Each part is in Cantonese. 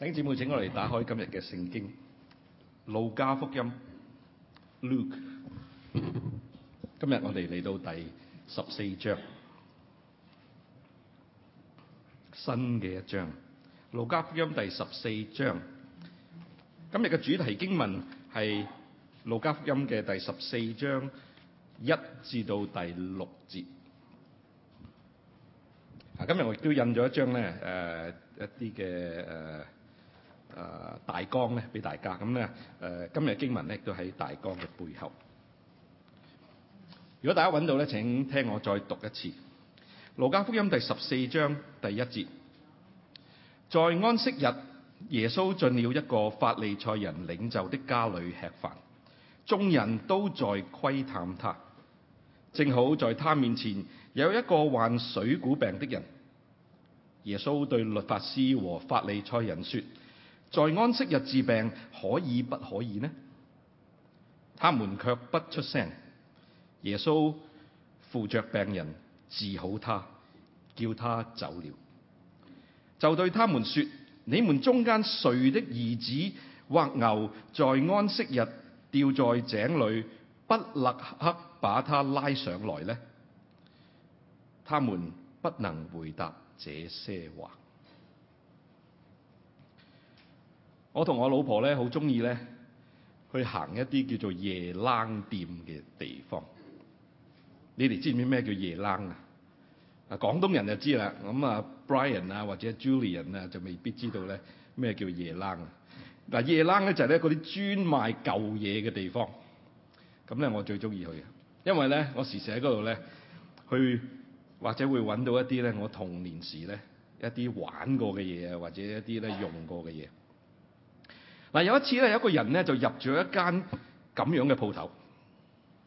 請姊妹，請我嚟，打開今日嘅聖經《路加福音》。Luke，今日我哋嚟到第十四章，新嘅一章《路加福音》第十四章。今日嘅主題經文係《路加福音》嘅第十四章一至到第六節。啊，今日我亦都印咗一張咧，誒，一啲嘅誒。誒、呃、大綱咧，俾大家咁咧誒。今日經文咧都喺大綱嘅背後。如果大家揾到咧，請聽我再讀一次《路加福音》第十四章第一節。在安息日，耶穌進了一個法利賽人領袖的家裏吃飯，眾人都在窺探他。正好在他面前有一個患水臌病的人。耶穌對律法師和法利賽人說：在安息日治病可以不可以呢？他們卻不出聲。耶穌扶着病人治好他，叫他走了。就對他們說：你們中間誰的兒子或牛在安息日掉在井裏，不立刻把他拉上來呢？他們不能回答這些話。我同我老婆咧好中意咧去行一啲叫做夜冷店嘅地方。你哋知唔知咩叫夜冷啊？啊，廣東人就知啦。咁啊，Brian 啊或者 Julian 啊就未必知道咧咩叫夜冷啊。嗱，啊，夜冷咧就係咧嗰啲專賣舊嘢嘅地方。咁咧，我最中意去嘅，因為咧我時時喺嗰度咧去或者會揾到一啲咧我童年時咧一啲玩過嘅嘢啊，或者一啲咧用過嘅嘢。嗱，有一次咧，有一個人咧就入咗一間咁樣嘅鋪頭，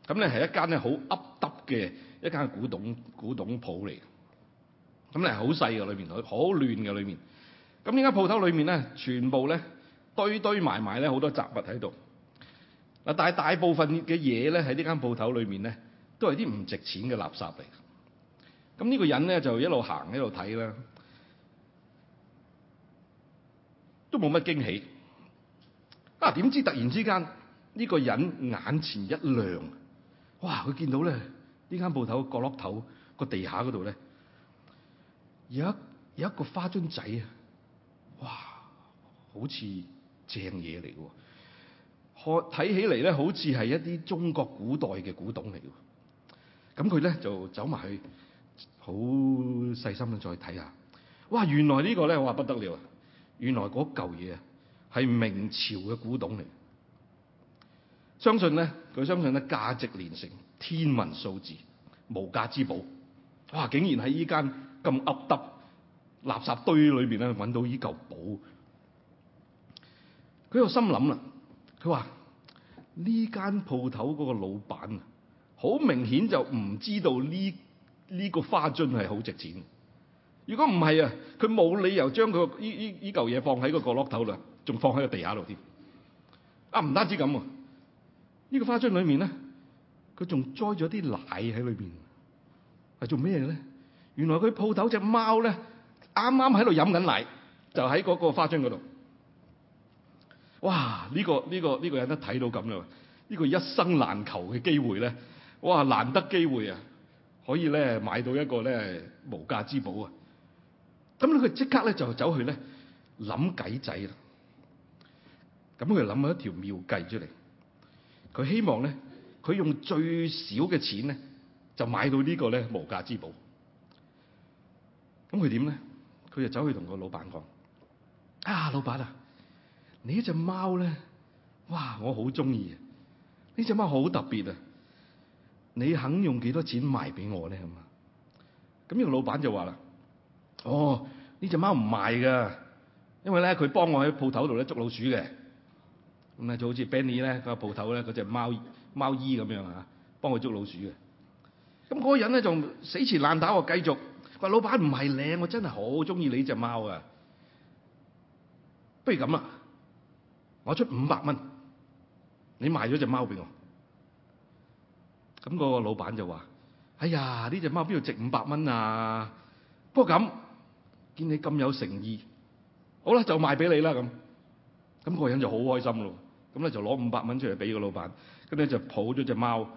咁咧係一間咧好凹凸嘅一間古董古董鋪嚟，咁咧好細嘅裏面，好好亂嘅裏面，咁呢間鋪頭裏面咧，全部咧堆堆埋埋咧好多雜物喺度，嗱但係大部分嘅嘢咧喺呢間鋪頭裏面咧，都係啲唔值錢嘅垃圾嚟，咁呢個人咧就一路行一路睇啦，都冇乜驚喜。啊！點知突然之間呢個人眼前一亮，哇！佢見到咧呢間鋪頭角落頭個地下嗰度咧，有一有一個花樽仔啊！哇，好似正嘢嚟嘅，看睇起嚟咧好似係一啲中國古代嘅古董嚟嘅。咁佢咧就走埋去，好細心咁再睇下。哇！原來個呢個咧哇不得了，啊，原來嗰嚿嘢啊！係明朝嘅古董嚟，相信咧佢相信咧價值連城，天文數字、無價之寶。哇！竟然喺依間咁噏噏垃圾堆裏邊咧，搵到依嚿寶。佢又心諗啦，佢話呢間鋪頭嗰個老闆啊，好明顯就唔知道呢呢、呢個花樽係好值錢。如果唔係啊，佢冇理由將佢依依依嚿嘢放喺個角落度啦。仲放喺個地下度添啊！唔單止咁，呢個花樽裏面咧，佢仲栽咗啲奶喺裏邊。係做咩嘢咧？原來佢鋪頭隻貓咧，啱啱喺度飲緊奶，就喺嗰個花樽嗰度。哇！呢個呢個呢個人都睇到咁啦！呢個一生難求嘅機會咧，哇！難得機會啊，可以咧買到一個咧無價之寶啊！咁佢即刻咧就走去咧諗計仔啦。咁佢諗咗一條妙計出嚟，佢希望咧，佢用最少嘅錢咧，就買到個呢個咧無價之寶。咁佢點咧？佢就走去同個老闆講：啊，老闆啊，你呢隻貓咧，哇，我好中意啊，呢隻貓好特別啊！你肯用幾多錢賣俾我咧？咁啊？咁呢個老闆就話啦：哦，呢隻貓唔賣噶，因為咧佢幫我喺鋪頭度咧捉老鼠嘅。咁啊，就好似 Benny 咧，嗰個鋪頭咧，隻貓貓姨咁樣啊，幫佢捉老鼠嘅。咁個人咧，仲死纏爛打我繼續，話老闆唔係靚，我真係好中意你隻貓啊，不如咁啦，我出五百蚊，你賣咗隻貓俾我。咁嗰個老闆就話：哎呀，呢隻貓邊度值五百蚊啊？不過咁，見你咁有誠意，好啦，就賣俾你啦咁。咁個人就好開心咯。咁咧就攞五百蚊出嚟俾個老闆。咁咧就抱咗隻貓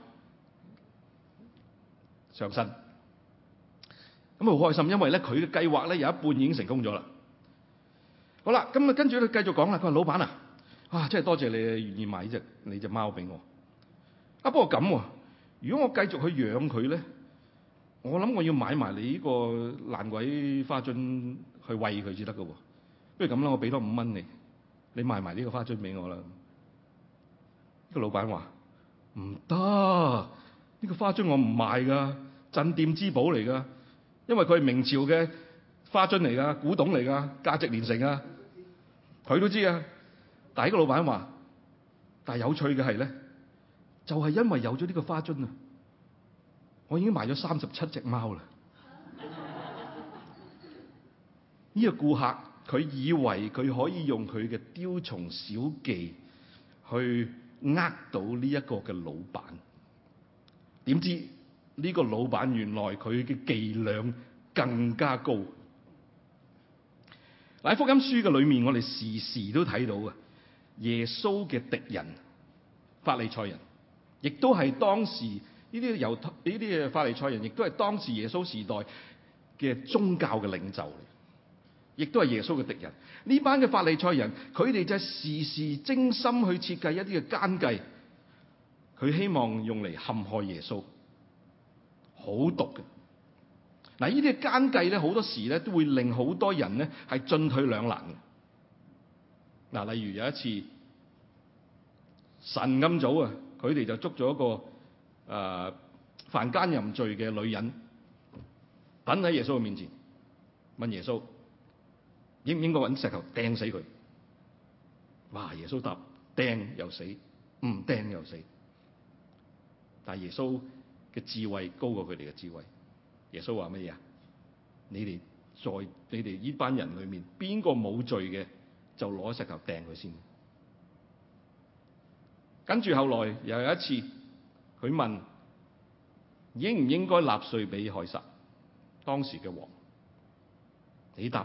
上身，咁好開心，因為咧佢嘅計劃咧有一半已經成功咗啦。好啦，咁啊跟住咧繼續講啦，佢話：老闆啊，哇、啊、真係多謝，謝你願意買隻你隻貓俾我。啊不過咁喎、啊，如果我繼續去養佢咧，我諗我要買埋你呢個爛鬼花樽去餵佢先得㗎喎。不如咁啦，我俾多五蚊你，你賣埋呢個花樽俾我啦。這個老闆話唔得，呢、呢個花樽我唔賣噶鎮店之寶嚟噶因為佢係明朝嘅花樽嚟噶古董嚟噶價值連城啊！佢都知道啊，但係呢個老闆話，但係有趣嘅係咧，就係、是、因為有咗呢個花樽啊，我已經賣咗三十七隻貓啦！呢 個顧客佢以為佢可以用佢嘅雕蟲小技去。呃到呢一個嘅老闆，點知呢個老闆原來佢嘅伎倆，更加高嗱。喺福音書嘅裏面，我哋時時都睇到啊，耶穌嘅敵人法利賽人，亦都係當時呢啲猶太呢啲嘅法利賽人，亦都係當時耶穌時代嘅宗教嘅領袖嚟。亦都係耶穌嘅敵人，呢班嘅法利賽人，佢哋就係事事精心去設計一啲嘅奸計，佢希望用嚟陷害耶穌好毒嘅。嗱，呢啲嘅奸計咧，好多時咧都會令好多人咧係進退兩難嘅。嗱，例如有一次晨咁早啊，佢哋就捉咗一個誒犯、呃、奸淫罪嘅女人，等喺耶穌嘅面前問耶穌。應唔應該揾石頭掟死佢？哇！耶穌答：掟又死，唔掟又死。但耶穌嘅智慧高過佢哋嘅智慧。耶穌話乜嘢啊？你哋在你哋呢班人裏面，邊個冇罪嘅就攞石頭掟佢先。跟住後來又有一次，佢問：應唔應該納稅俾海撒，當時嘅王？你答。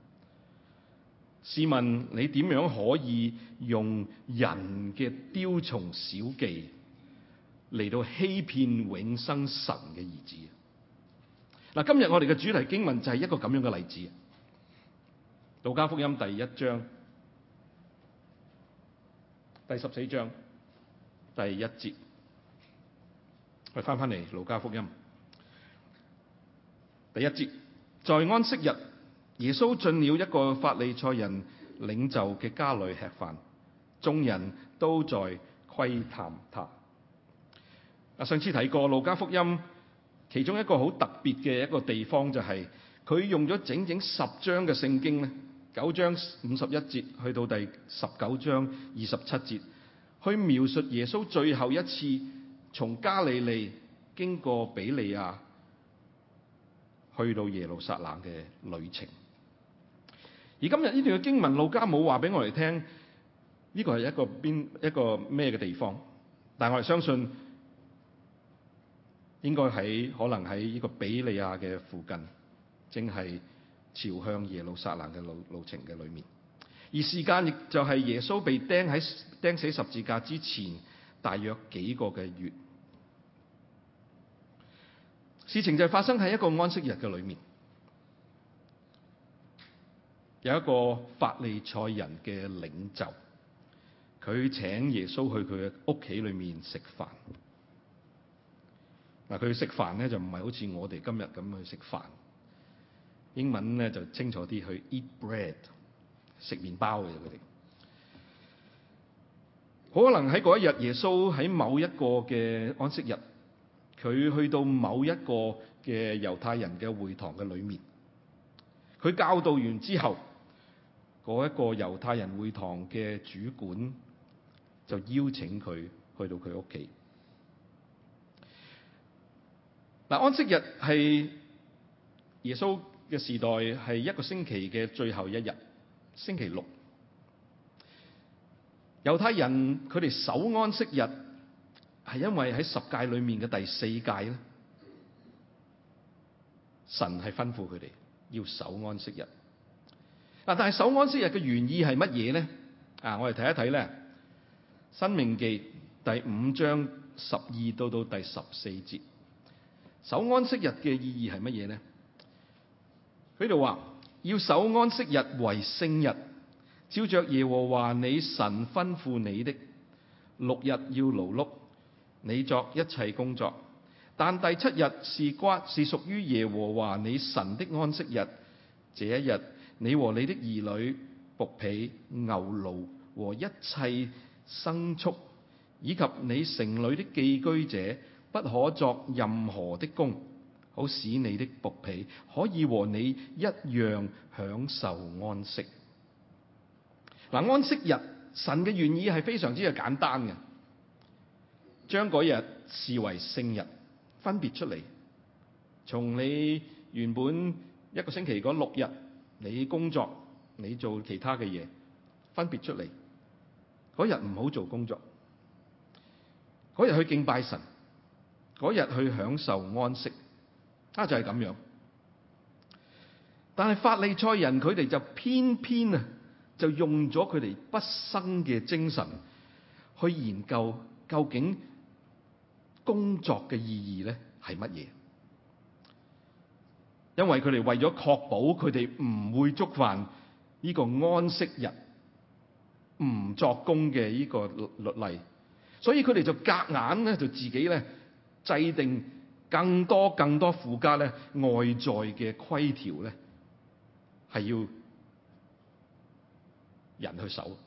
試問你點樣可以用人嘅雕蟲小技嚟到欺騙永生神嘅兒子？嗱，今日我哋嘅主題經文就係一個咁樣嘅例子，《路加福音》第一章第十四章第一節，去翻翻嚟《路加福音》第一節，在安息日。耶穌進了一個法利賽人領袖嘅家裏吃飯，眾人都在窺探他。上次提過路加福音，其中一個好特別嘅一個地方就係、是，佢用咗整整十章嘅聖經咧，九章五十一節去到第十九章二十七節，去描述耶穌最後一次從加利利經過比利亞去到耶路撒冷嘅旅程。而今日呢段嘅經文，路加冇話俾我哋聽呢個係一個邊一個咩嘅地方？但係我哋相信，應該喺可能喺呢個比利亞嘅附近，正係朝向耶路撒冷嘅路路程嘅裏面。而時間亦就係耶穌被釘喺釘死十字架之前，大約幾個嘅月。事情就發生喺一個安息日嘅裏面。有一個法利賽人嘅領袖，佢請耶穌去佢嘅屋企裏面食飯。嗱，佢食飯咧就唔係好似我哋今日咁去食飯，英文咧就清楚啲，去 eat bread 食麵包嘅。佢哋可能喺嗰一日，耶穌喺某一個嘅安息日，佢去到某一個嘅猶太人嘅會堂嘅裏面，佢教導完之後。嗰一個猶太人會堂嘅主管就邀請佢去到佢屋企。嗱，安息日係耶穌嘅時代係一個星期嘅最後一日，星期六。猶太人佢哋守安息日係因為喺十戒裡面嘅第四戒咧，神係吩咐佢哋要守安息日。但係守安息日嘅原意係乜嘢咧？啊，我哋睇一睇咧，《申命記》第五章十二到到第十四節，守安息日嘅意義係乜嘢咧？佢就話要守安息日為聖日，照着耶和華你神吩咐你的，六日要勞碌，你作一切工作，但第七日是關是屬於耶和華你神的安息日，這一日。你和你的兒女、僕婢、牛驢和一切牲畜，以及你城裏的寄居者，不可作任何的工，好使你的僕婢可以和你一樣享受安息。嗱，安息日神嘅願意係非常之嘅簡單嘅，將嗰日視為聖日，分別出嚟，從你原本一個星期嗰六日。你工作，你做其他嘅嘢，分別出嚟。嗰日唔好做工作，嗰日去敬拜神，嗰日去享受安息，啊就係咁樣。但係法利賽人佢哋就偏偏啊，就用咗佢哋畢生嘅精神去研究究竟工作嘅意義咧係乜嘢？因為佢哋為咗確保佢哋唔會觸犯呢個安息日唔作工嘅呢個律例，所以佢哋就夾硬咧，就自己咧制定更多更多附加咧外在嘅規條咧，係要人去守。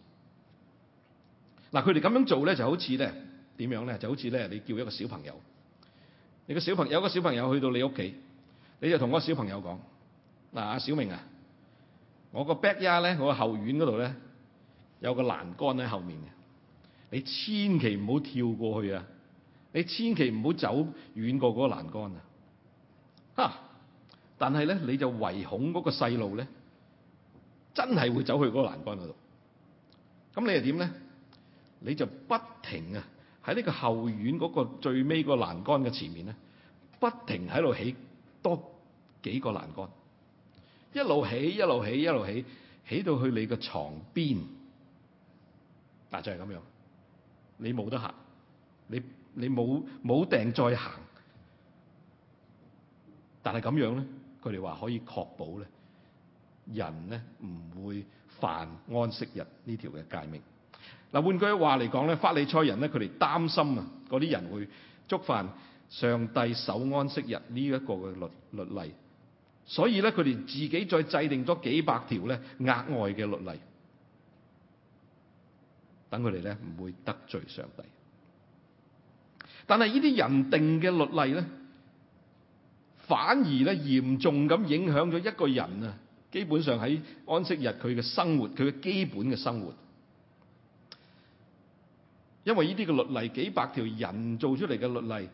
嗱，佢哋咁樣做咧，就好似咧點樣咧，就好似咧你叫一個小朋友，你個小朋友一個小朋友去到你屋企。你就同嗰個小朋友講：嗱、啊，阿小明啊，我個 back yard 咧，我個後院嗰度咧，有個欄杆喺後面嘅。你千祈唔好跳過去啊！你千祈唔好走遠過嗰個欄杆啊！嚇、啊！但係咧，你就唯恐嗰個細路咧，真係會走去嗰個欄杆嗰度。咁你又點咧？你就不停啊！喺呢個後院嗰個最尾個欄杆嘅前面咧，不停喺度起多幾個欄杆，一路起，一路起，一路起，起到去你個牀邊。但係就係咁樣，你冇得行，你你冇冇定再行。但係咁樣咧，佢哋話可以確保咧，人咧唔會犯安息日呢條嘅誡命。嗱，換句話嚟講咧，法利賽人咧，佢哋擔心啊，嗰啲人會觸犯上帝守安息日呢一個嘅律律例。所以咧，佢哋自己再制定咗幾百條咧，額外嘅律例，等佢哋咧唔會得罪上帝。但係呢啲人定嘅律例咧，反而咧嚴重咁影響咗一個人啊，基本上喺安息日佢嘅生活，佢嘅基本嘅生活，因為呢啲嘅律例幾百條人做出嚟嘅律例，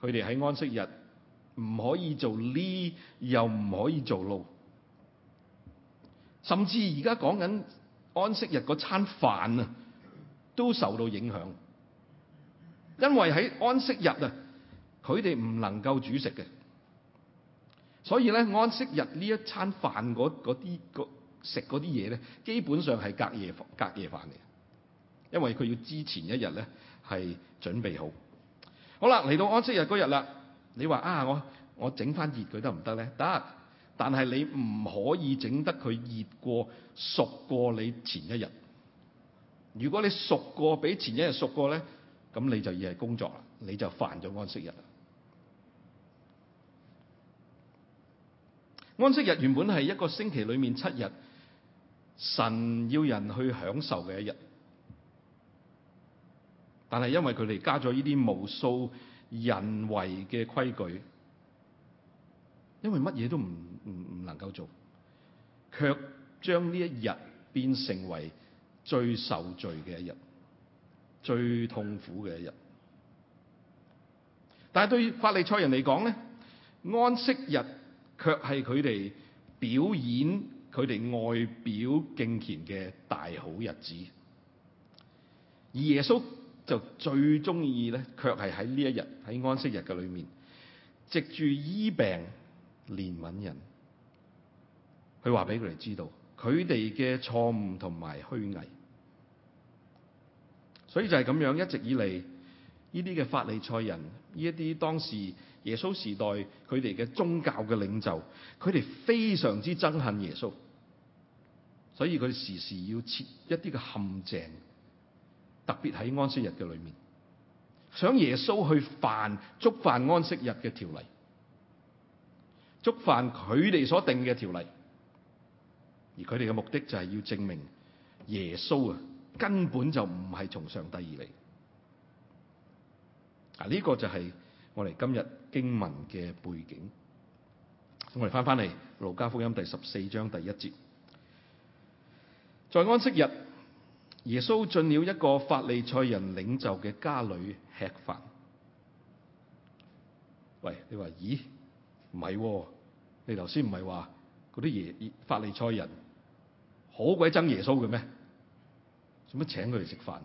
佢哋喺安息日，唔可以做呢，又唔可以做路，甚至而家講緊安息日嗰餐飯啊，都受到影響，因為喺安息日啊，佢哋唔能夠煮食嘅。所以咧安息日呢一餐飯嗰啲食嗰啲嘢咧，基本上係隔夜隔夜飯嚟，因為佢要之前一日咧係準備好。好啦，嚟到安息日嗰日啦。你話啊，我我整翻熱佢得唔得咧？得，但係你唔可以整得佢熱過熟過你前一日。如果你熟過比前一日熟過咧，咁你就已係工作啦，你就犯咗安息日啦。安息日原本係一個星期裡面七日，神要人去享受嘅一日。但係因為佢哋加咗呢啲無數，人為嘅規矩，因為乜嘢都唔唔唔能夠做，卻將呢一日變成為最受罪嘅一日，最痛苦嘅一日。但係對於法利賽人嚟講咧，安息日卻係佢哋表演佢哋外表敬虔嘅大好日子，而耶穌。就最中意咧，卻係喺呢一日喺安息日嘅裏面，藉住醫病、憐憫人，佢話俾佢哋知道佢哋嘅錯誤同埋虛偽。所以就係咁樣，一直以嚟呢啲嘅法利賽人，呢一啲當時耶穌時代佢哋嘅宗教嘅領袖，佢哋非常之憎恨耶穌，所以佢哋時時要設一啲嘅陷阱。特別喺安息日嘅裏面，想耶穌去犯觸犯安息日嘅條例，觸犯佢哋所定嘅條例，而佢哋嘅目的就係要證明耶穌啊根本就唔係從上帝而嚟。啊，呢個就係我哋今日經文嘅背景。我哋翻翻嚟《路加福音》第十四章第一節，在安息日。耶穌進了一個法利賽人領袖嘅家裏吃飯。喂，你話，咦，唔係喎？你頭先唔係話嗰啲耶法利賽人好鬼憎耶穌嘅咩？做乜請佢嚟食飯？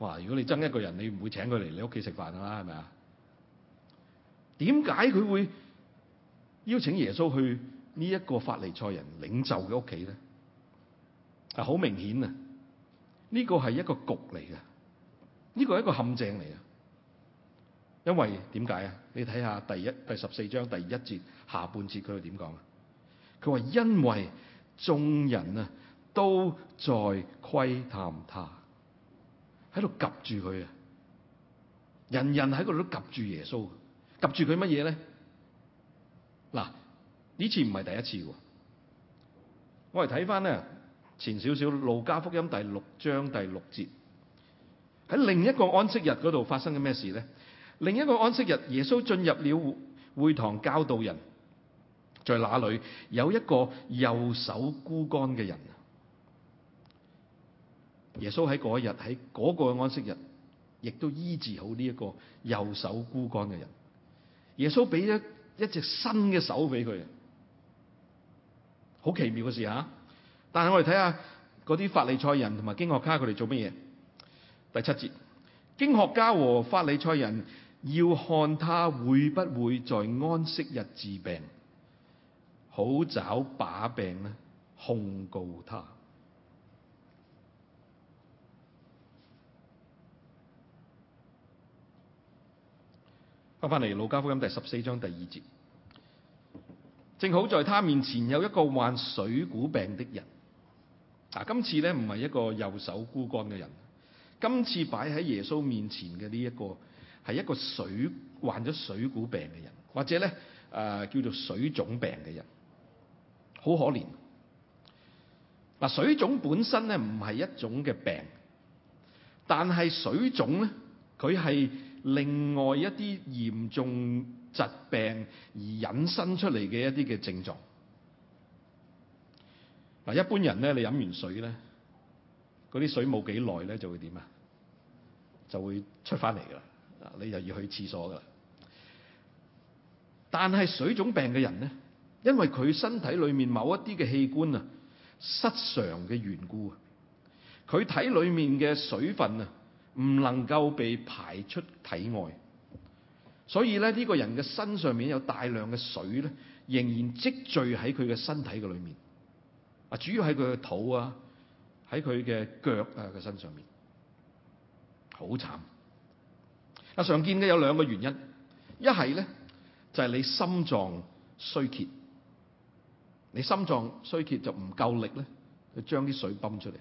哇！如果你憎一個人，你唔會請佢嚟你屋企食飯噶啦，係咪啊？點解佢會邀請耶穌去呢一個法利賽人領袖嘅屋企咧？啊，好明顯啊！呢個係一個局嚟嘅，呢個係一個陷阱嚟嘅。因為點解啊？你睇下第一第十四章第一節下半節，佢係點講啊？佢話因為眾人啊都在窺探他，喺度 𥄫 住佢啊，人人喺嗰度都 𥄫 住耶穌，𥄫 住佢乜嘢咧？嗱，呢次唔係第一次喎，我哋睇翻咧。前少少路加福音第六章第六節，喺另一個安息日嗰度發生緊咩事咧？另一個安息日，耶穌進入了會堂教導人，在哪裏有一個右手孤乾嘅人？耶穌喺嗰一日喺嗰個安息日，亦都醫治好呢一個右手孤乾嘅人。耶穌俾一一隻新嘅手俾佢，好奇妙嘅事吓。啊但係我哋睇下嗰啲法利賽人同埋經學家佢哋做乜嘢？第七節，經學家和法利賽人要看他會不會在安息日治病，好找把柄咧控告他。翻翻嚟《路加福音》第十四章第二節，正好在他面前有一個患水臌病的人。嗱，今次咧唔係一個右手枯乾嘅人，今次擺喺耶穌面前嘅呢一個係一個水患咗水臌病嘅人，或者咧誒、呃、叫做水腫病嘅人，好可憐。嗱，水腫本身咧唔係一種嘅病，但係水腫咧佢係另外一啲嚴重疾病而引申出嚟嘅一啲嘅症狀。嗱，一般人咧，你飲完水咧，嗰啲水冇幾耐咧，就會點啊？就會出翻嚟噶啦，你就要去廁所噶啦。但係水腫病嘅人咧，因為佢身體裏面某一啲嘅器官啊失常嘅緣故啊，佢體裏面嘅水分啊唔能夠被排出體外，所以咧呢、呢個人嘅身上面有大量嘅水咧，仍然積聚喺佢嘅身體嘅裏面。啊，主要喺佢嘅肚啊，喺佢嘅腳啊佢身上面，好慘。啊，常見嘅有兩個原因，一係咧就係你心臟衰竭，你心臟衰竭就唔夠力咧，將啲水泵出嚟。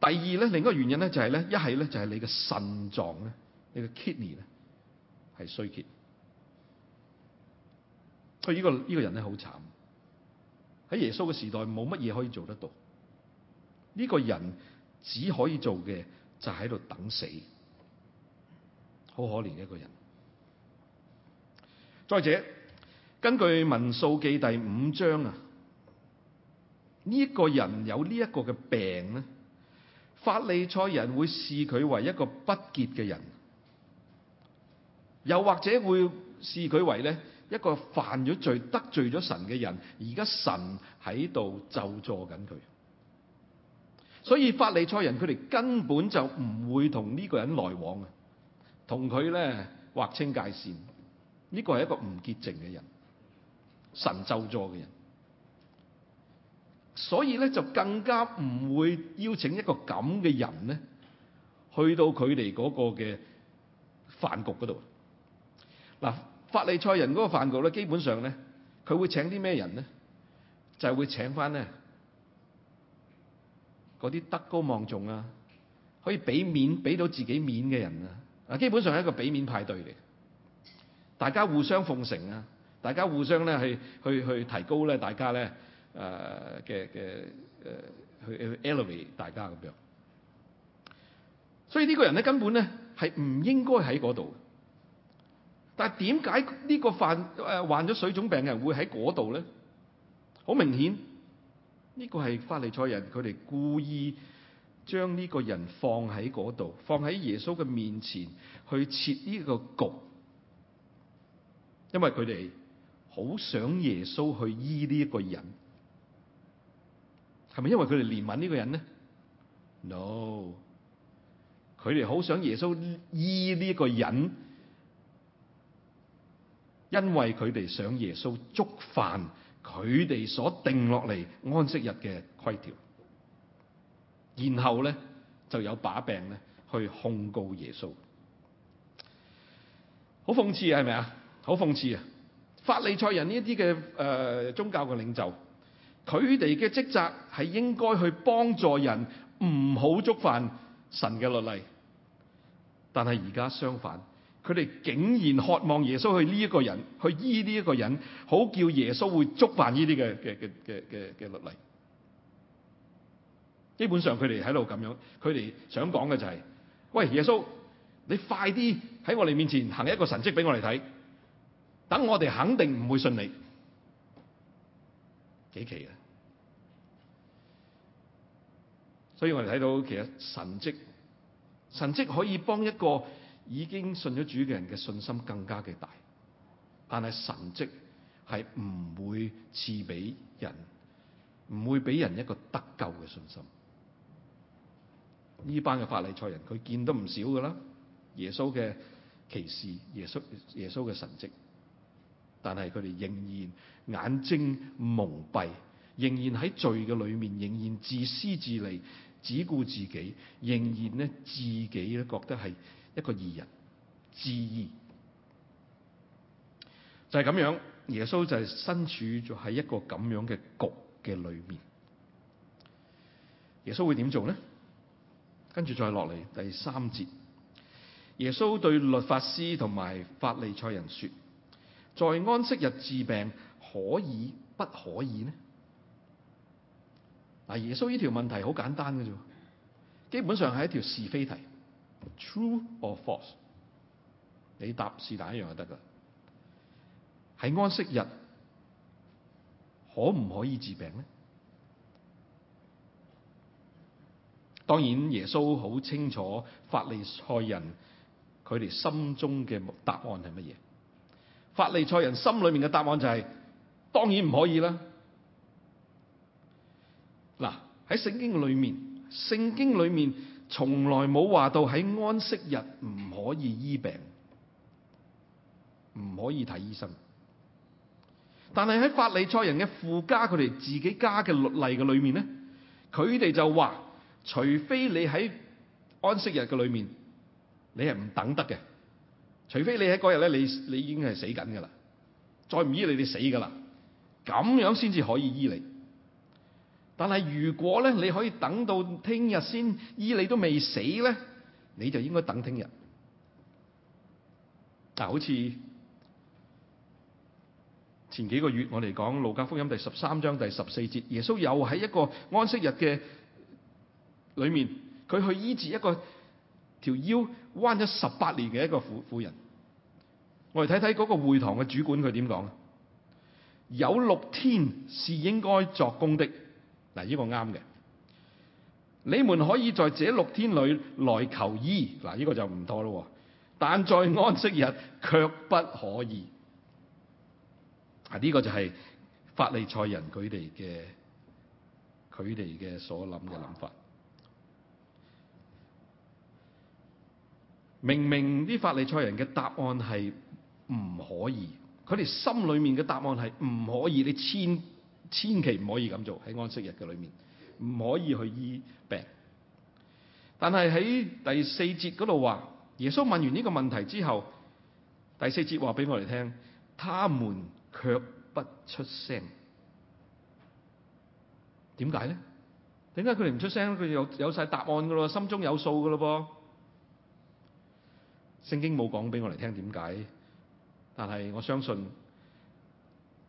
第二咧，另一個原因咧就係咧，一係咧就係你嘅腎臟咧，你嘅 kidney 咧係衰竭。佢呢個呢個人咧好慘。喺耶穌嘅時代冇乜嘢可以做得到，呢、這個人只可以做嘅就喺、是、度等死，好可憐嘅一個人。再者，根據民數記第五章啊，呢、這、一個人有呢一個嘅病咧，法利賽人會視佢為一個不潔嘅人，又或者會視佢為咧？一個犯咗罪、得罪咗神嘅人，而家神喺度咒詛緊佢，所以法利賽人佢哋根本就唔會同呢個人來往啊，同佢咧劃清界線。呢個係一個唔潔淨嘅人，神咒詛嘅人，所以咧就更加唔會邀請一個咁嘅人咧，去到佢哋嗰個嘅飯局嗰度。嗱。法利賽人嗰個飯局咧，基本上咧，佢會請啲咩人咧？就係會請返咧，嗰啲德高望重啊，可以俾面俾到自己面嘅人啊，嗱，基本上係一個俾面派對嚟，大家互相奉承啊，大家互相咧去去去提高咧，大家咧誒嘅嘅誒去去 elevate 大家咁樣。所以呢個人咧根本咧係唔應該喺嗰度。但點解呢個犯誒患咗水腫病人會喺嗰度咧？好明顯，呢個係法利賽人佢哋故意將呢個人放喺嗰度，放喺耶穌嘅面前去設呢個局，因為佢哋好想耶穌去醫呢一個人。係咪因為佢哋憐憫呢個人咧？No，佢哋好想耶穌醫呢一個人。因為佢哋想耶穌觸犯佢哋所定落嚟安息日嘅規條，然後咧就有把柄咧去控告耶穌，好諷刺啊，係咪啊？好諷刺啊！法利賽人呢一啲嘅誒宗教嘅領袖，佢哋嘅職責係應該去幫助人，唔好觸犯神嘅律例，但係而家相反。佢哋竟然渴望耶穌去呢一個人去醫呢一個人，好叫耶穌會觸犯呢啲嘅嘅嘅嘅嘅嘅律例。基本上佢哋喺度咁樣，佢哋想講嘅就係：喂，耶穌，你快啲喺我哋面前行一個神蹟俾我哋睇，等我哋肯定唔會信你。幾奇！啊！所以我哋睇到其實神蹟，神蹟可以幫一個已經信咗主嘅人嘅信心更加嘅大，但係神跡係唔會賜俾人，唔會俾人一個得救嘅信心。呢班嘅法利賽人，佢見到唔少噶啦，耶穌嘅奇事，耶穌，耶穌嘅神跡，但係佢哋仍然眼睛蒙蔽，仍然喺罪嘅裏面，仍然自私自利，只顧自己，仍然咧自己咧覺得係。一個二人，治意就係、是、咁樣。耶穌就係身處在喺一個咁樣嘅局嘅裏面。耶穌會點做咧？跟住再落嚟第三節，耶穌對律法師同埋法利賽人說：在安息日治病可以不可以呢？嗱，耶穌呢條問題好簡單嘅啫，基本上係一條是非題。True or false？你答是但一樣就得㗎。喺安息日可唔可以治病咧？當然耶穌好清楚法利賽人佢哋心中嘅答案係乜嘢？法利賽人心裏面嘅答案就係、是、當然唔可以啦。嗱，喺聖經裏面，聖經裏面。從來冇話到喺安息日唔可以醫病，唔可以睇醫生。但係喺法利賽人嘅附加佢哋自己加嘅律例嘅裏面咧，佢哋就話：除非你喺安息日嘅裏面，你係唔等得嘅；除非你喺嗰日咧，你你已經係死緊噶啦，再唔醫你，你死噶啦。咁樣先至可以醫你。但係如果咧，你可以等到聽日先醫，你都未死咧，你就應該等聽日。嗱，好似前幾個月我哋講路加福音第十三章第十四節，耶穌又喺一個安息日嘅裏面，佢去醫治一個條腰彎咗十八年嘅一個婦婦人。我哋睇睇嗰個會堂嘅主管佢點講啊？有六天是應該作工的。嗱，呢個啱嘅。你們可以在這六天裏來求醫，嗱，呢個就唔妥咯。但在安息日卻不可以。啊，呢個就係法利賽人佢哋嘅佢哋嘅所諗嘅諗法。明明啲法利賽人嘅答案係唔可以，佢哋心裏面嘅答案係唔可以，你千千祈唔可以咁做，喺安息日嘅裏面，唔可以去醫病。但係喺第四節嗰度話，耶穌問完呢個問題之後，第四節話俾我哋聽，他們卻不出聲。點解咧？點解佢哋唔出聲？佢哋有有晒，答案噶咯，心中有數噶咯噃。聖經冇講俾我哋聽點解，但係我相信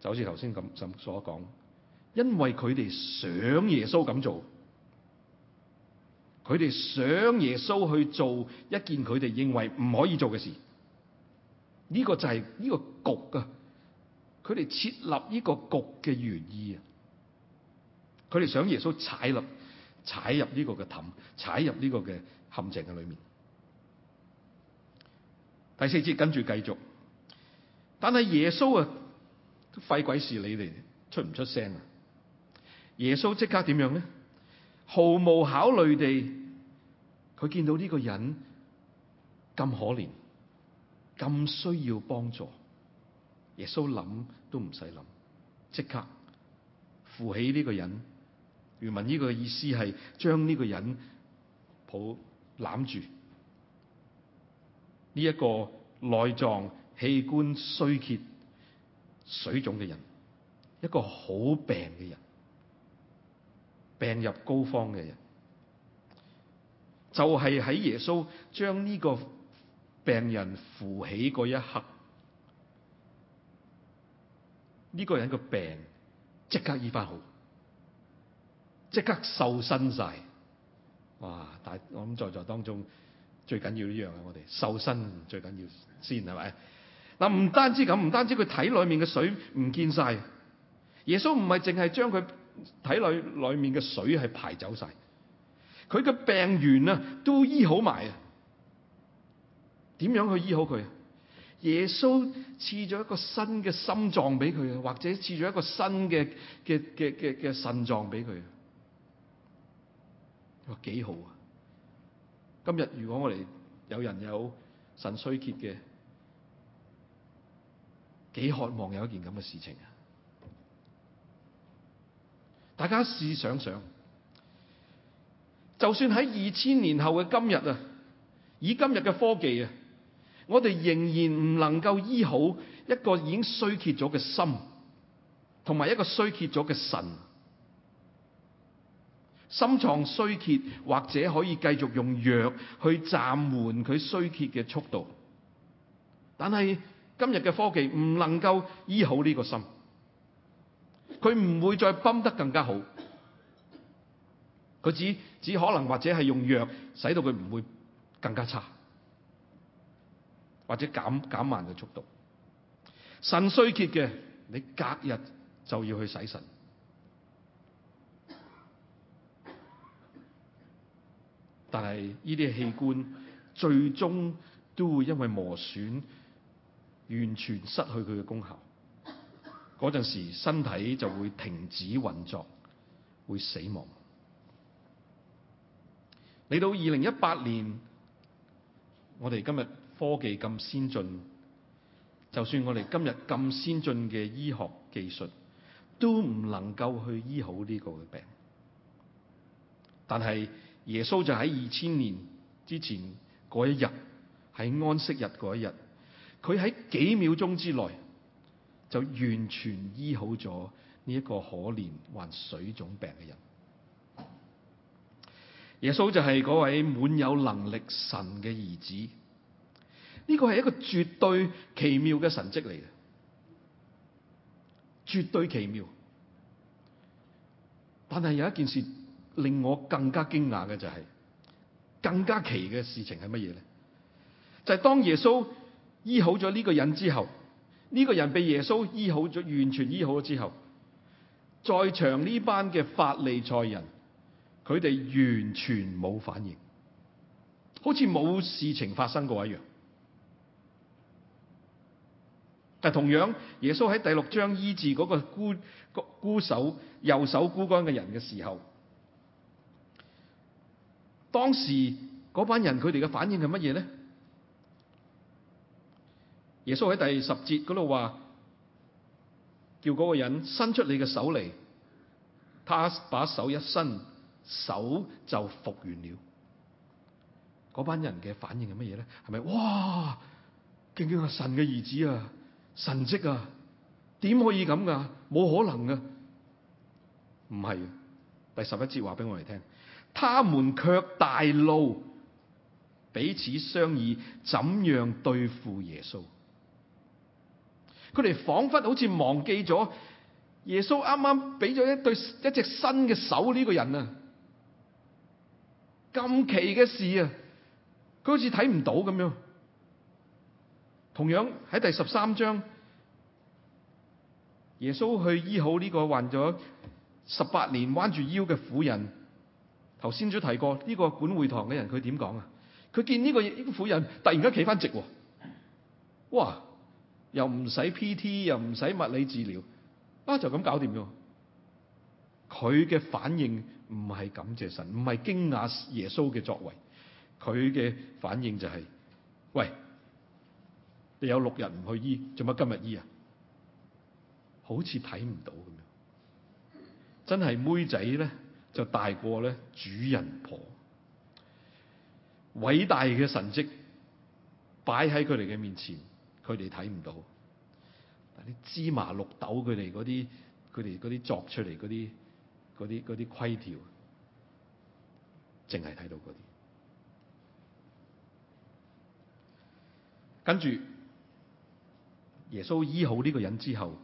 就好似頭先咁咁所講。因為佢哋想耶穌咁做，佢哋想耶穌去做一件佢哋認為唔可以做嘅事，呢個就係呢個局啊！佢哋設立呢個局嘅原意啊，佢哋想耶穌踩入踩入呢個嘅氹，踩入呢個嘅陷阱嘅裏面。第四節跟住繼續，但係耶穌啊，廢鬼事你哋出唔出聲啊？耶穌即刻點樣咧？毫無考慮地，佢見到呢個人咁可憐、咁需要幫助，耶穌諗都唔使諗，即刻扶起呢個人。原文呢個意思係將呢個人抱攬住，呢一個內臟器官衰竭、水腫嘅人，一個好病嘅人。病入膏肓嘅人，就係、是、喺耶穌將呢個病人扶起嗰一刻，呢、這個人嘅病即刻醫翻好，即刻瘦身晒。哇！但係我諗在座當中最緊要呢樣嘅，我哋瘦身最緊要先係咪？嗱，唔單止咁，唔單止佢體裏面嘅水唔見晒，耶穌唔係淨係將佢。體內裏面嘅水係排走晒，佢嘅病源啊都醫好埋啊？點樣去醫好佢啊？耶穌賜咗一個新嘅心臟俾佢啊，或者賜咗一個新嘅嘅嘅嘅嘅腎臟俾佢啊？話，幾好啊！今日如果我哋有人有腎衰竭嘅，幾渴望有一件咁嘅事情啊！大家試想想，就算喺二千年後嘅今日啊，以今日嘅科技啊，我哋仍然唔能夠醫好一個已經衰竭咗嘅心，同埋一個衰竭咗嘅腎。心臟衰竭或者可以繼續用藥去暫緩佢衰竭嘅速度，但係今日嘅科技唔能夠醫好呢個心。佢唔會再泵得更加好，佢只只可能或者係用藥使到佢唔會更加差，或者減減慢嘅速度。腎衰竭嘅，你隔日就要去洗腎。但係呢啲器官最終都會因為磨損完全失去佢嘅功效。嗰陣時，身體就會停止運作，會死亡。嚟到二零一八年，我哋今日科技咁先進，就算我哋今日咁先進嘅醫學技術，都唔能夠去醫好呢個病。但係耶穌就喺二千年之前嗰一日，喺安息日嗰一日，佢喺幾秒鐘之內，就完全醫好咗呢一個可憐患水腫病嘅人。耶穌就係位滿有能力神嘅兒子，呢個係一個絕對奇妙嘅神跡嚟嘅，絕對奇妙。但係有一件事令我更加驚訝嘅就係、是，更加奇嘅事情係乜嘢咧？就係、是、當耶穌醫好咗呢個人之後。呢個人被耶穌醫好咗，完全醫好咗之後，在場呢班嘅法利賽人，佢哋完全冇反應，好似冇事情發生過一樣。但同樣耶穌喺第六章醫治嗰個孤孤手右手枯乾嘅人嘅時候，當時嗰班人佢哋嘅反應係乜嘢咧？耶穌喺第十節嗰度話，叫嗰個人伸出你嘅手嚟，他把手一伸，手就復原了。嗰班人嘅反應係乜嘢咧？係咪哇？驚驚啊！神嘅兒子啊，神蹟啊，點可以咁噶？冇可能啊！唔係啊。第十一節話俾我哋聽，他們卻大怒，彼此商議怎樣對付耶穌。佢哋彷彿好似忘記咗耶穌啱啱俾咗一對一隻新嘅手呢個人啊，咁奇嘅事啊，佢好似睇唔到咁樣。同樣喺第十三章，耶穌去醫好呢個患咗十八年彎住腰嘅婦人。頭先都提過呢個管會堂嘅人，佢點講啊？佢見呢個呢個婦人突然間企翻直喎，哇！又唔使 PT，又唔使物理治療，啊就咁搞掂咯。佢嘅反應唔係感謝神，唔係驚訝耶穌嘅作為，佢嘅反應就係：喂，你有六日唔去醫，做乜今日醫啊？好似睇唔到咁樣。真係妹仔咧就大過咧主人婆，偉大嘅神蹟擺喺佢哋嘅面前。佢哋睇唔到，但啲芝麻綠豆佢哋嗰啲，佢哋啲作出嚟嗰啲，嗰啲嗰啲規條，淨係睇到嗰啲。跟住耶穌醫好呢個人之後，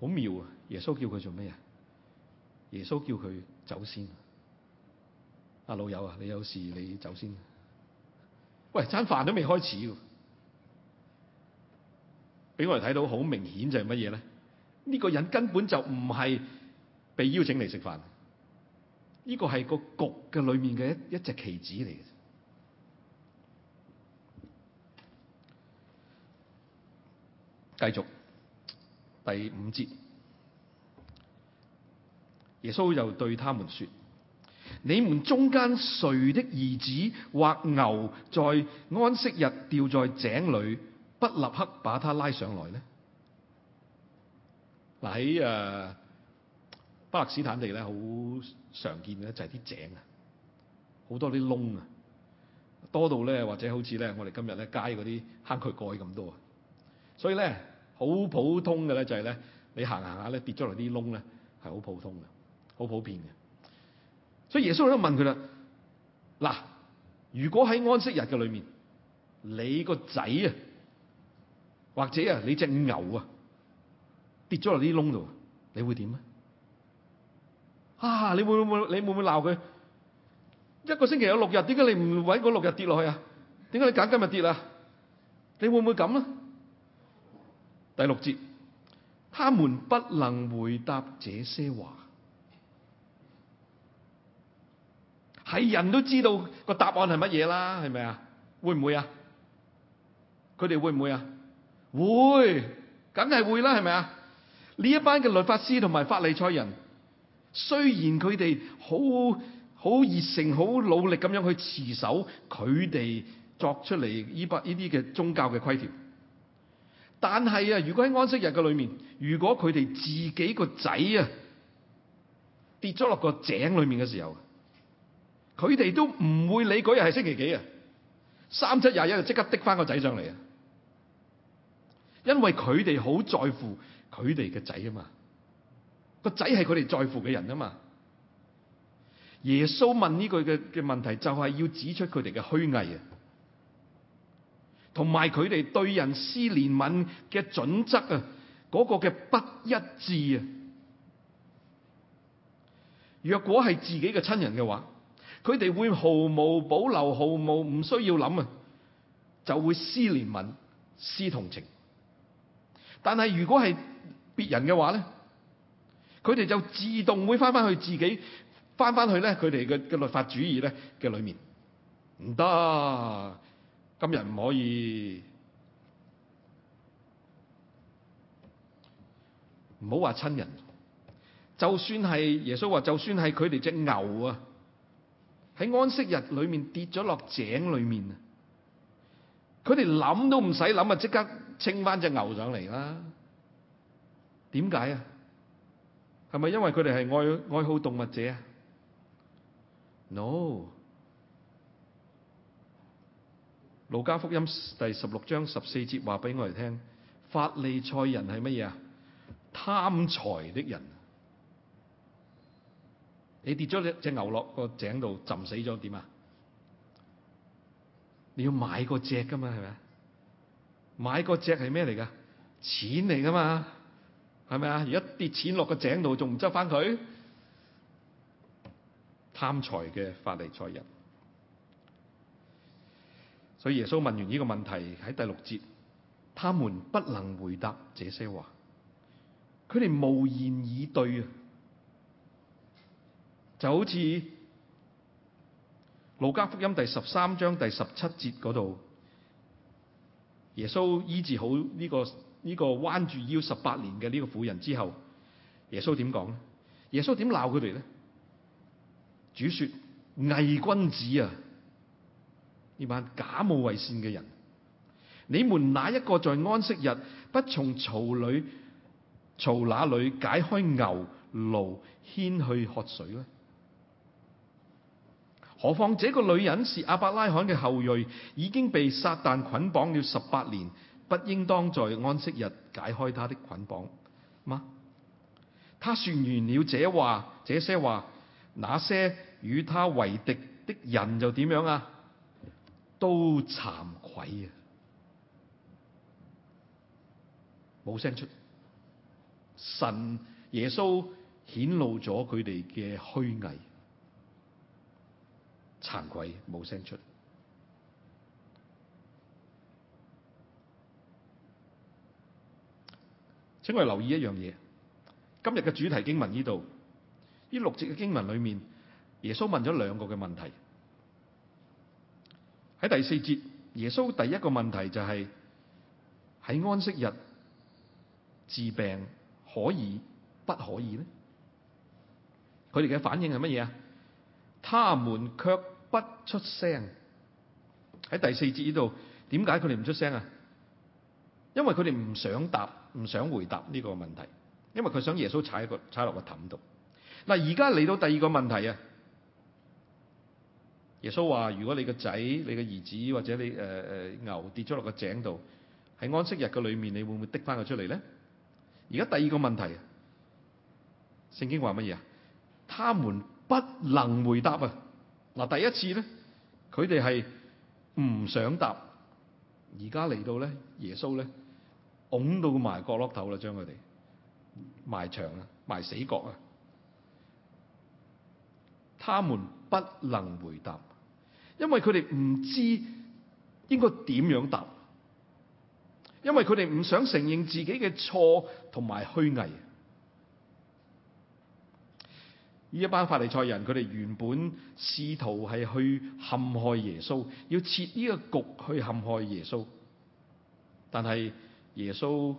好妙啊！耶穌叫佢做咩啊？耶穌叫佢走先。阿老友啊，你有事你走先。喂，餐飯都未開始。俾我哋睇到好明顯就係乜嘢咧？呢個人根本就唔係被邀請嚟食飯，呢個係個局嘅裏面嘅一一隻棋子嚟嘅。繼續第五節，耶穌又對他們說：你們中間誰的兒子或牛在安息日掉在井裏？不立刻把他拉上來咧？嗱喺誒巴勒斯坦地咧，好常見嘅就係啲井啊，好多啲窿啊，多到咧或者好似咧我哋今日咧街嗰啲坑渠蓋咁多啊。所以咧好普通嘅咧就係咧你行行下咧跌咗落啲窿咧係好普通嘅，好普遍嘅。所以耶穌都問佢啦：嗱，如果喺安息日嘅裏面，你個仔啊？或者啊，你隻牛啊跌咗落啲窿度，你會點啊？啊，你會唔會？你會唔會鬧佢？一個星期有六日，點解你唔搵嗰六日跌落去啊？點解你揀今日跌啊？你會唔會咁啊？第六節，他們不能回答這些話。係人都知道個答案係乜嘢啦？係咪啊？會唔會啊？佢哋會唔會啊？會，梗係會啦，係咪啊？呢一班嘅律法師同埋法利賽人，雖然佢哋好好熱誠、好努力咁樣去持守佢哋作出嚟，依筆依啲嘅宗教嘅規條，但係啊，如果喺安息日嘅裏面，如果佢哋自己個仔啊跌咗落個井裏面嘅時候，佢哋都唔會理嗰日係星期幾啊！三七廿一就即刻滴翻個仔上嚟啊！因為佢哋好在乎佢哋嘅仔啊嘛，個仔係佢哋在乎嘅人啊嘛。耶穌問呢句嘅嘅問題，就係要指出佢哋嘅虛偽啊，同埋佢哋對人施憐憫嘅準則啊，嗰個嘅不一致啊。若果係自己嘅親人嘅話，佢哋會毫無保留、毫無唔需要諗啊，就會施憐憫、施同情。但係如果係別人嘅話咧，佢哋就自動會翻翻去自己翻翻去咧，佢哋嘅嘅律法主義咧嘅裏面，唔得，今日唔可以，唔好話親人，就算係耶穌話，就算係佢哋隻牛啊，喺安息日裏面跌咗落井裏面啊，佢哋諗都唔使諗啊，即刻。清翻隻牛上嚟啦。點解啊？係咪因為佢哋係愛愛好動物者啊？No，路加福音第十六章十四節話俾我哋聽，法利賽人係乜嘢啊？貪財的人，你跌咗隻牛落個井度浸死咗點啊？你要買個隻噶嘛係咪？買個隻係咩嚟噶？錢嚟噶嘛？係咪啊？而家跌錢落個井度，仲唔執翻佢？貪財嘅法利賽人，所以耶穌問完呢個問題喺第六節，他們不能回答這些話，佢哋無言以對啊！就好似路加福音第十三章第十七節嗰度。耶穌醫治好呢、這個呢、這個彎住腰十八年嘅呢個婦人之後，耶穌點講咧？耶穌點鬧佢哋咧？主說偽君子啊，呢班假冒為善嘅人，你們哪一個在安息日不從槽裏槽那裏解開牛驢牽去喝水咧？何況這個女人是亞伯拉罕嘅後裔，已經被撒旦捆綁了十八年，不應當在安息日解開她的捆綁嗎？他說完了這話，這些話，那些與他為敵的人又點樣啊？都慚愧啊！冇聲出，神耶穌顯露咗佢哋嘅虛偽。慚愧冇聲出，請我留意一樣嘢。今日嘅主題經文呢度，呢六節嘅經文裏面，耶穌問咗兩個嘅問題。喺第四節，耶穌第一個問題就係喺安息日治病可以不可以呢？佢哋嘅反應係乜嘢啊？他們卻不出聲。喺第四節呢度，點解佢哋唔出聲啊？因為佢哋唔想答，唔想回答呢個問題，因為佢想耶穌踩個踩落個氹度。嗱，而家嚟到第二個問題啊！耶穌話：如果你個仔、你個兒子或者你誒誒、呃、牛跌咗落個井度，喺安息日嘅裏面，你會唔會滴翻佢出嚟咧？而家第二個問題，聖經話乜嘢啊？他們不能回答啊！嗱，第一次咧，佢哋係唔想答，而家嚟到咧，耶穌咧，拱到埋角落頭啦，將佢哋埋牆啊，埋死角啊，他們不能回答，因為佢哋唔知應該點樣答，因為佢哋唔想承認自己嘅錯同埋虛偽。呢一班法利賽人，佢哋原本試圖係去陷害耶穌，要設呢個局去陷害耶穌。但係耶穌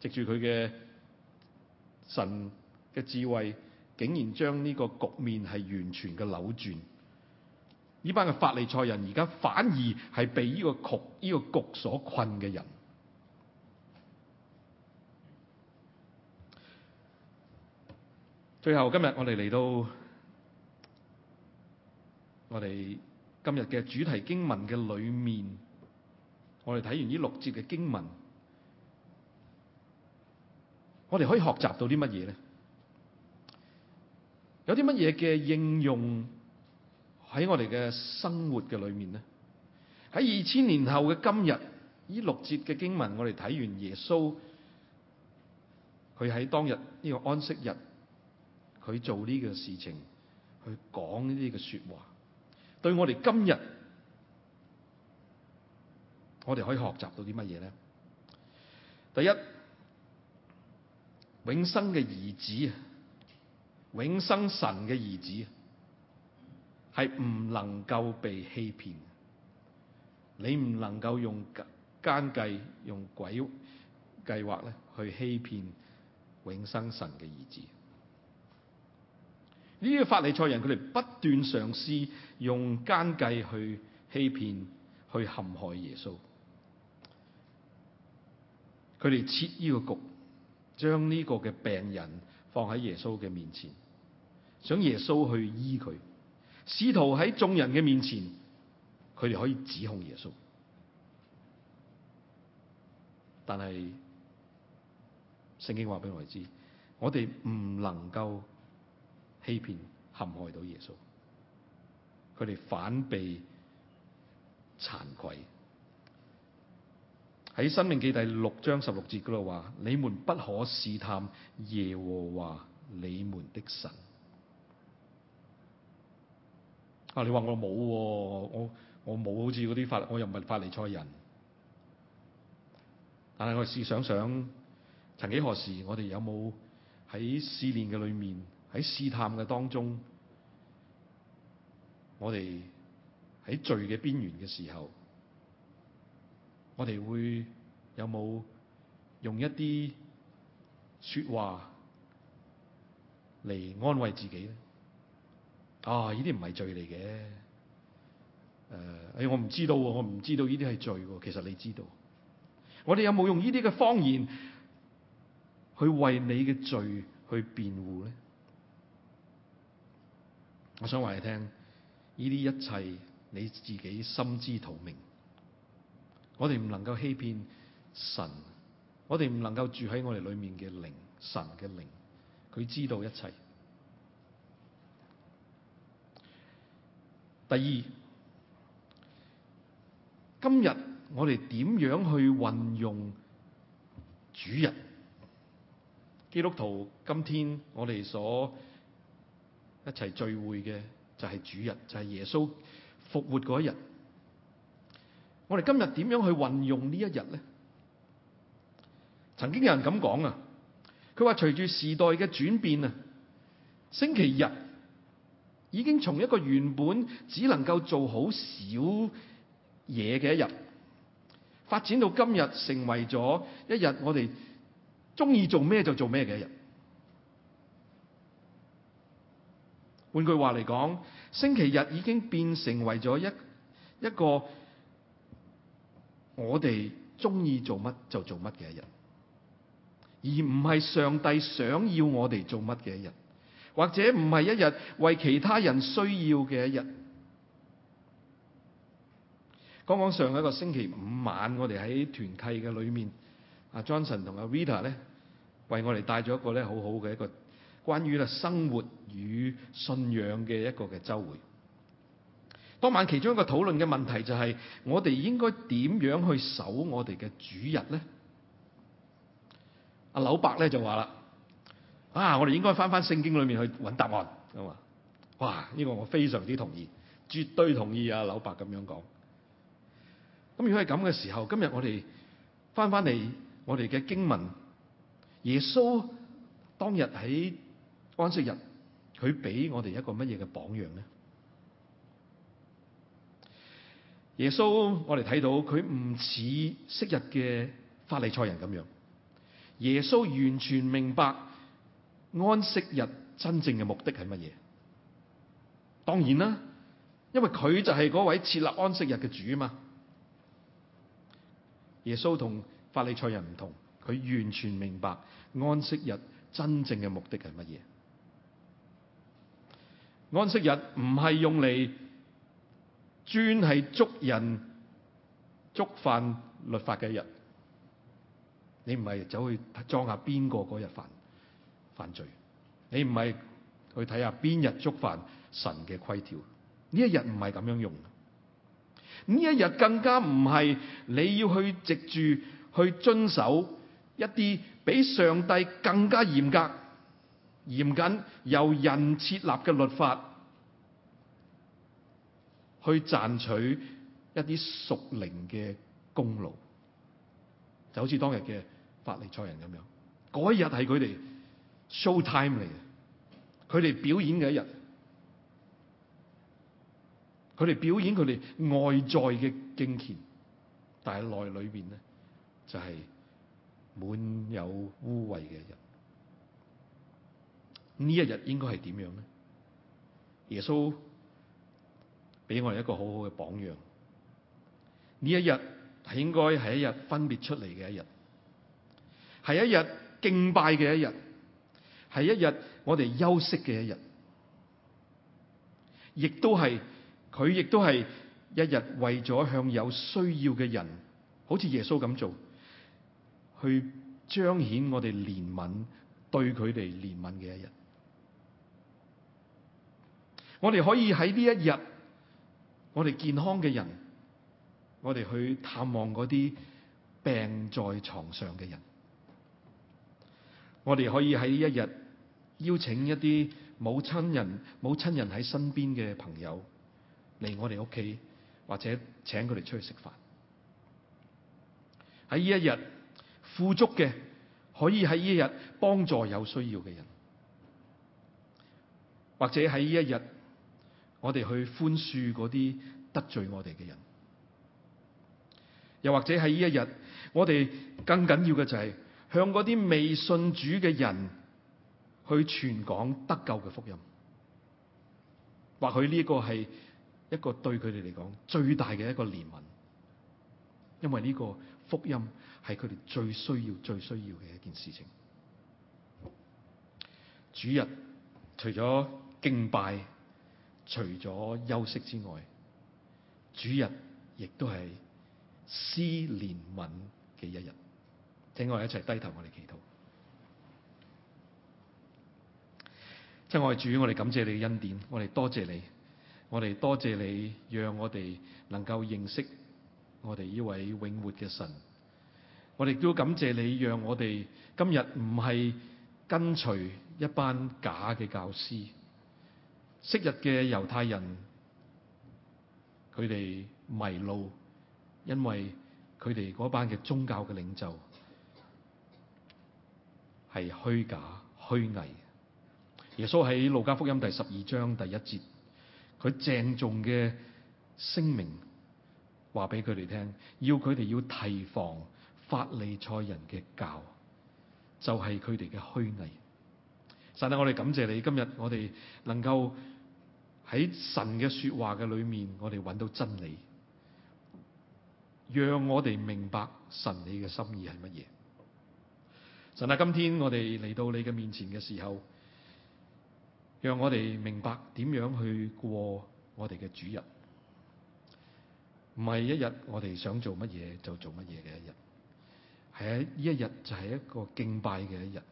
藉住佢嘅神嘅智慧，竟然將呢個局面係完全嘅扭轉。呢班嘅法利賽人而家反而係被呢個局呢個局所困嘅人。最後今日我哋嚟到我哋今日嘅主題經文嘅裏面，我哋睇完呢六節嘅經文，我哋可以學習到啲乜嘢咧？有啲乜嘢嘅應用喺我哋嘅生活嘅裏面咧？喺二千年後嘅今日，呢六節嘅經文我哋睇完耶穌，佢喺當日呢個安息日。佢做呢個事情，去講呢啲嘅說話，對我哋今日，我哋可以學習到啲乜嘢咧？第一，永生嘅兒子，永生神嘅兒子，係唔能夠被欺騙。你唔能夠用奸計、用鬼計劃咧去欺騙永生神嘅兒子。呢個法利賽人，佢哋不斷嘗試用奸計去欺騙、去陷害耶穌。佢哋設呢個局，將呢個嘅病人放喺耶穌嘅面前，想耶穌去醫佢，試圖喺眾人嘅面前，佢哋可以指控耶穌。但係聖經話俾我知，我哋唔能夠。欺騙陷害到耶穌，佢哋反被慚愧。喺《申命記》第六章十六節度話：你們不可試探耶和華你們的神。啊，你話我冇，我我冇好似啲法，我又唔係法利賽人。但係我試想想，曾幾何時，我哋有冇喺試煉嘅裏面？喺試探嘅當中，我哋喺罪嘅邊緣嘅時候，我哋會有冇用一啲說話嚟安慰自己咧？啊，呢啲唔係罪嚟嘅。誒、呃，我唔知道，我唔知道呢啲係罪。其實你知道，我哋有冇用呢啲嘅謊言去為你嘅罪去辯護咧？我想話你聽，呢啲一切你自己心知肚明。我哋唔能夠欺騙神，我哋唔能夠住喺我哋裏面嘅靈，神嘅靈，佢知道一切。第二，今日我哋點樣去運用主日？基督徒，今天我哋所。一齊聚會嘅就係主日，就係耶穌復活嗰一日。我哋今日點樣去運用呢一日咧？曾經有人咁講啊，佢話隨住時代嘅轉變啊，星期日已經從一個原本只能夠做好少嘢嘅一日，發展到今日成為咗一日我哋中意做咩就做咩嘅一日。換句話嚟講，星期日已經變成為咗一一個我哋中意做乜就做乜嘅一日，而唔係上帝想要我哋做乜嘅一日，或者唔係一日為其他人需要嘅一日。講講上一個星期五晚，我哋喺團契嘅裏面，阿 Johnson 同阿 Rita 咧，為我哋帶咗一個咧好好嘅一個。關於咧生活與信仰嘅一個嘅周會，當晚其中一個討論嘅問題就係、是、我哋應該點樣去守我哋嘅主日咧？阿、啊、柳伯咧就話啦：，啊，我哋應該翻翻聖經裏面去揾答案咁啊！哇，呢、這個我非常之同意，絕對同意啊柳伯咁樣講。咁如果係咁嘅時候，今日我哋翻翻嚟我哋嘅經文，耶穌當日喺安息日佢俾我哋一個乜嘢嘅榜樣咧？耶穌我哋睇到佢唔似昔日嘅法利賽人咁樣，耶穌完全明白安息日真正嘅目的係乜嘢。當然啦，因為佢就係嗰位設立安息日嘅主啊嘛。耶穌同法利賽人唔同，佢完全明白安息日真正嘅目的係乜嘢。安息日唔係用嚟，專係捉人觸犯律法嘅一日，你唔係走去裝下邊個嗰日犯犯罪，你唔係去睇下邊日觸犯神嘅規條，呢一日唔係咁樣用，呢一日更加唔係你要去藉住去遵守一啲比上帝更加嚴格，嚴謹由人設立嘅律法，去賺取一啲屬靈嘅功勞，就好似當日嘅法利賽人咁樣，嗰一日係佢哋 show time 嚟嘅，佢哋表演嘅一日，佢哋表演佢哋外在嘅敬虔，但係內裏邊咧就係、是、滿有污穢嘅一日。呢一日應該係點樣咧？耶穌俾我哋一個好好嘅榜樣。呢一日係應該係一日分別出嚟嘅一日，係一日敬拜嘅一日，係一日我哋休息嘅一日，亦都係佢亦都係一日為咗向有需要嘅人，好似耶穌咁做，去彰顯我哋憐憫對佢哋憐憫嘅一日。我哋可以喺呢一日，我哋健康嘅人，我哋去探望嗰啲病在床上嘅人。我哋可以喺呢一日邀請一啲冇親人冇親人喺身邊嘅朋友嚟我哋屋企，或者請佢哋出去食飯。喺呢一日富足嘅，可以喺呢一日幫助有需要嘅人，或者喺呢一日。我哋去寬恕嗰啲得罪我哋嘅人，又或者喺呢一日，我哋更緊要嘅就係向嗰啲未信主嘅人去傳講得救嘅福音。或許呢一個係一個對佢哋嚟講最大嘅一個憐憫，因為呢個福音係佢哋最需要、最需要嘅一件事情。主日除咗敬拜。除咗休息之外，主日亦都係施憐憫嘅一日。請我哋一齊低頭我們，我哋祈禱。親愛主，我哋感謝你嘅恩典，我哋多謝你，我哋多謝你，讓我哋能夠認識我哋呢位永活嘅神。我哋都感謝你，讓我哋今日唔係跟隨一班假嘅教師。昔日嘅猶太人，佢哋迷路，因為佢哋嗰班嘅宗教嘅領袖係虛假虛偽。耶穌喺路加福音第十二章第一節，佢鄭重嘅聲明話俾佢哋聽，要佢哋要提防法利賽人嘅教，就係佢哋嘅虛偽。神啊，我哋感謝你，今日我哋能夠。喺神嘅說話嘅裏面，我哋揾到真理，讓我哋明白神你嘅心意係乜嘢。神啊，今天我哋嚟到你嘅面前嘅時候，讓我哋明白點樣去過我哋嘅主日，唔係一日我哋想做乜嘢就做乜嘢嘅一日，係啊，呢一日就係一個敬拜嘅一日，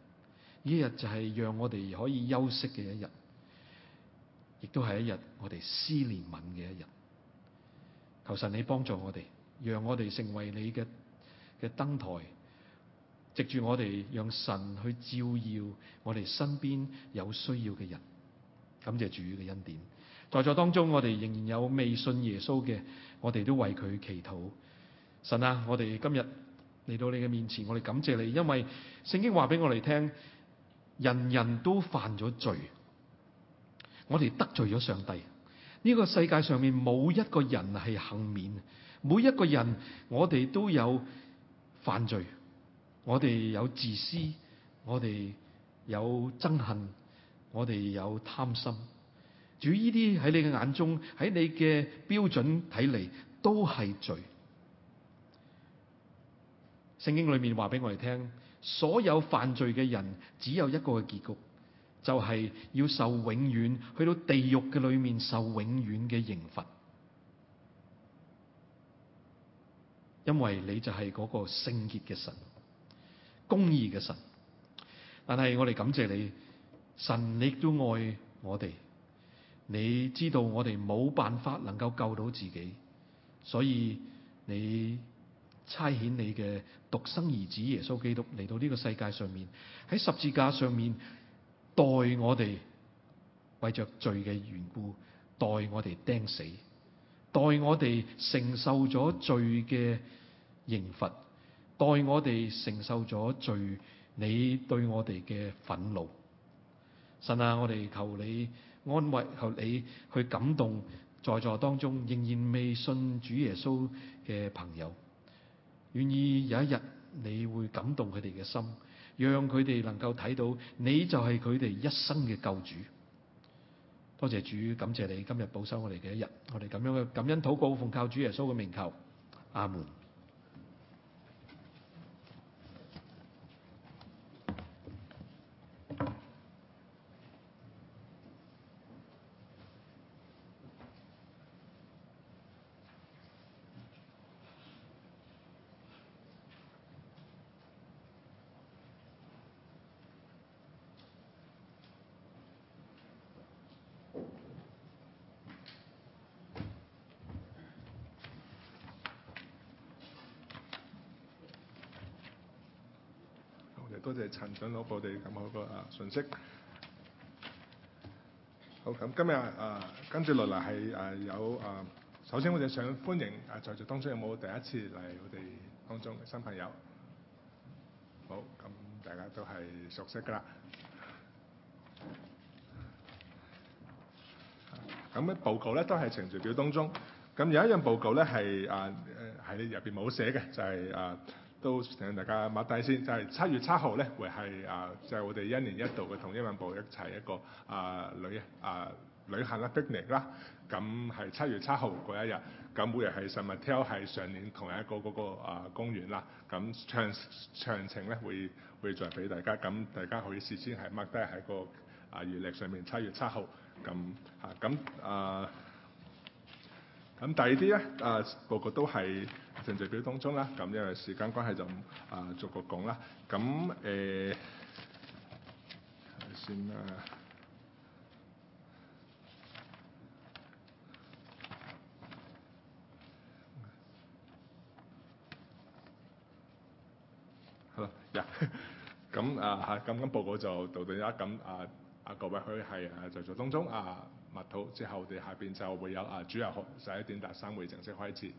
呢一日就係讓我哋可以休息嘅一日。亦都係一日我哋施憐憫嘅一日，求神你幫助我哋，讓我哋成為你嘅嘅燈臺，藉住我哋讓神去照耀我哋身邊有需要嘅人。感謝主嘅恩典，在座當中我哋仍然有未信耶穌嘅，我哋都為佢祈禱。神啊，我哋今日嚟到你嘅面前，我哋感謝你，因為聖經話俾我哋聽，人人都犯咗罪。我哋得罪咗上帝，呢、這個世界上面冇一個人係幸免，每一個人我哋都有犯罪，我哋有自私，我哋有憎恨，我哋有貪心，至於呢啲喺你嘅眼中，喺你嘅標準睇嚟都係罪。聖經裏面話俾我哋聽，所有犯罪嘅人只有一個嘅結局。就係要受永遠去到地獄嘅裏面受永遠嘅刑罰，因為你就係嗰個聖潔嘅神、公義嘅神。但係我哋感謝你，神你都愛我哋，你知道我哋冇辦法能夠救到自己，所以你差遣你嘅獨生兒子耶穌基督嚟到呢個世界上面，喺十字架上面。代我哋為着罪嘅緣故，代我哋釘死，代我哋承受咗罪嘅刑罰，代我哋承受咗罪，你對我哋嘅憤怒，神啊，我哋求你安慰，求你去感動在座當中仍然未信主耶穌嘅朋友，願意有一日你會感動佢哋嘅心。讓佢哋能夠睇到，你就係佢哋一生嘅救主。多謝主，感謝你今日保守我哋嘅一日，我哋咁樣嘅感恩禱告，奉靠主耶穌嘅名求，阿門。多謝陳長老報畀我哋咁好嘅啊信息。好，咁今日啊，跟住落嚟係有啊，首先我哋想歡迎啊，在座當中有冇第一次嚟我哋當中嘅新朋友？好咁，大家都係熟悉噶啦。咁咧報告咧都係程序表當中。咁有一樣報告咧係啊誒喺入面冇寫嘅，就係、是、啊。都請大家 mark 低先，就係、是、七月七號咧，會係啊，就係、是、我哋一年一度嘅同英文部一齊一個啊旅啊旅行 picnic，啦、經歷啦。咁係七月七號嗰一日，咁每日係上日 tell 係上年同一個嗰個啊公園啦。咁詳詳情咧會會再俾大家，咁大家可以事先係 mark 低喺個啊月曆上面七月七號咁嚇，咁啊。咁第二啲咧，啊報告都係程序表當中啦。咁因為時間關係就啊逐個講啦。咁誒、欸、先啦。好，一咁啊嚇，咁樣報告就到到而家。咁啊啊各位可以係啊在座當中啊。之後我哋下邊就會有啊主日學十一點到三點正式開始。